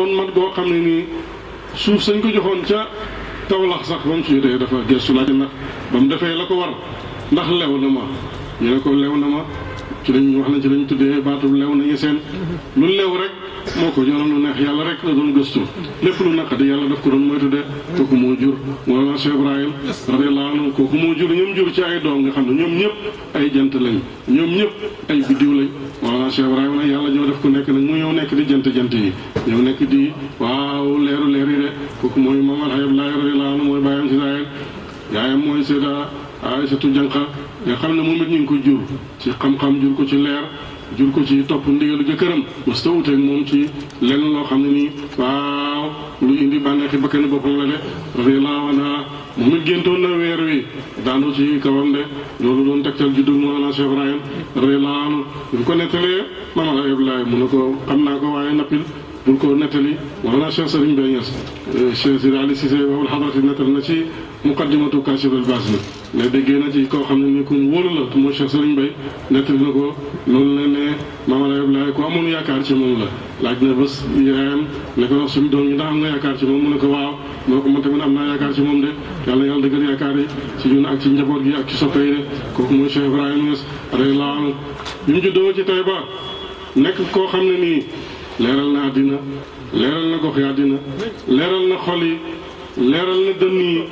doon mat koo xam ne nii suuf sañ ko joxoon ca kawlax sax ba mu si jotee dafa gëstu laaj ndax ba mu defee la ko war ndax lew na ma ñu ne ko lew na ma ci lañ wax na ci lañ tuddee baatu lew nañu seen lu lew rek moo ko yoonam lu neex yàlla rek la doon gëstu lépp lu naqadi yàlla daf ko doon moytu de kooku moo jur mooy Cheikh Ibrahim radiyallahu anhu kooku moo jur ñoom jur ci ay doom nga xam ne ñoom ñëpp ay jant lañ ñoom ñëpp ay biddiw lañ mooy ñoo def ku nekk nag nekk di jënt jënt yi ñoo nekk di waaw leeru leer yi de kooku mooy moom alhamdulilah radiyallahu anhu mooy bàyyam si Zahir yaayam mooy Sayda Aysatu Janqa nga xam ne moom it ñu ngi ko jur ci xam-xam jur ko ci leer. jur ko ci topp ndigalu jëkkëram mos ta moom ci lenn loo xam ne nii waaw lu indi bànneexi bakkani boppam la de radiyallahu anha moom it géntoon na weer wi daanu ci kawam de loolu doon tegtal juddu Mawlana Cheikh Ibrahim radiyallahu anhu ñu ko nettalee mama la Ibrahim mu ne ko xam naa ko waaye nappil buñ ko nettali maanaam Cheikh Serigne Mbaye Niass euh, Cheikh Sir Ali Cissé waxul xadrati nettal na ci muqaddimatu Kashiful Baas na ne déggee na ci koo xam ne ni ku mu wóolu la mooy Cheikh Serigne Mbaye nettali na ko loolu la ne maamala yob laay ko amoon yaakaar ci moom la laaj na bés yaayam ne ko suñu doom ñi ndax am nga yaakaar ci moom mu ne ko waaw mu ne ko man tamit am naa yaakaar ci moom de yàlla yàlla dëggal yaakaar yi ci ñun ak ci njaboot gi ak ci soppe yi de kooku mooy Cheikh Ibrahima Niass radiyallahu anhu bi mu juddoo ci Taïba nekk koo xam ne nii leeral na àddina leeral na gox yi àddina leeral na xol yi leeral na dënn yi